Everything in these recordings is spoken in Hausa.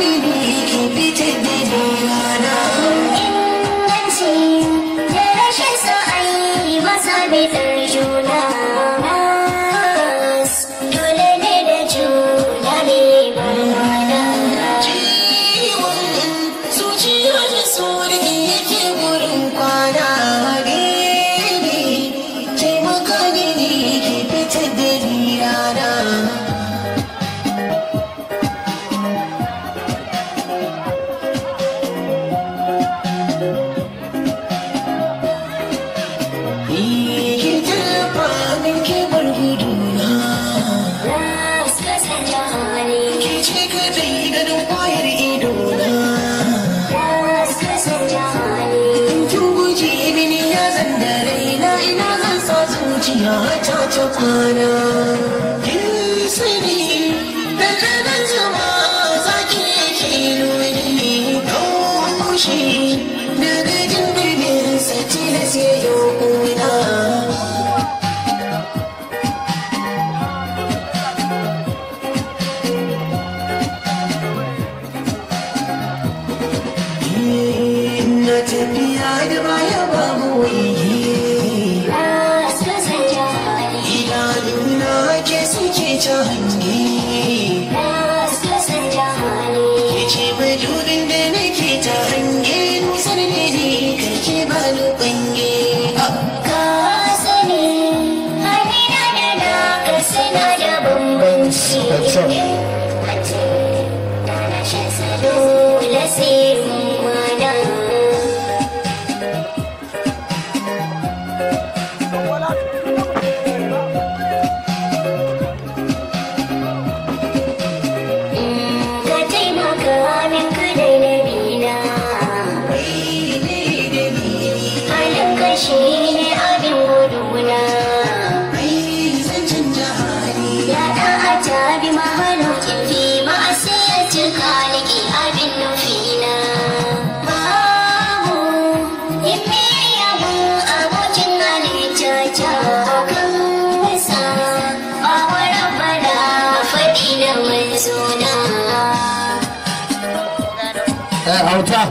me zuciya ta kwana yin sani zaki yake nuni don kushe daga jin dubin sa tilas ya yi ta hange Kece madubin na nake ta hange Nusar ne kake ba ni bange Ka sani, hannuna da na suna da bambanci 아웃 타.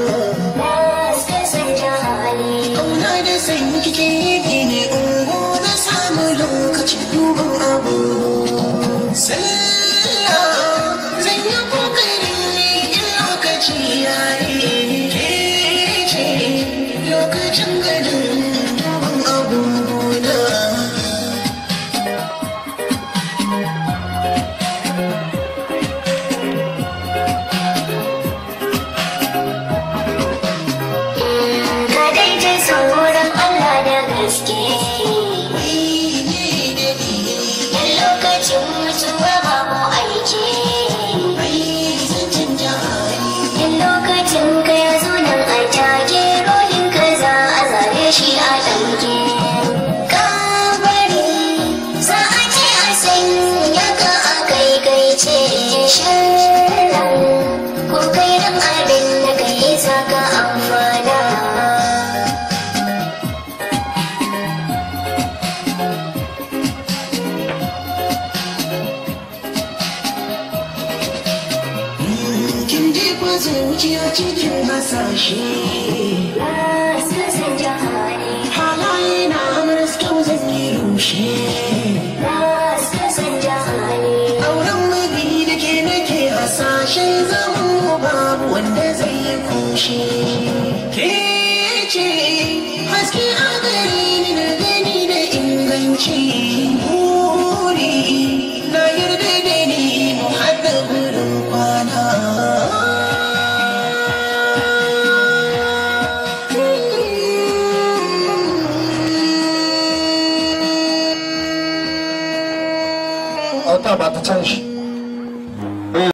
es zuciya cikin hasashe halaye na amaras kyau zan yi rushe auren ke nake hasashe zaman babu wanda zai yi kushe ke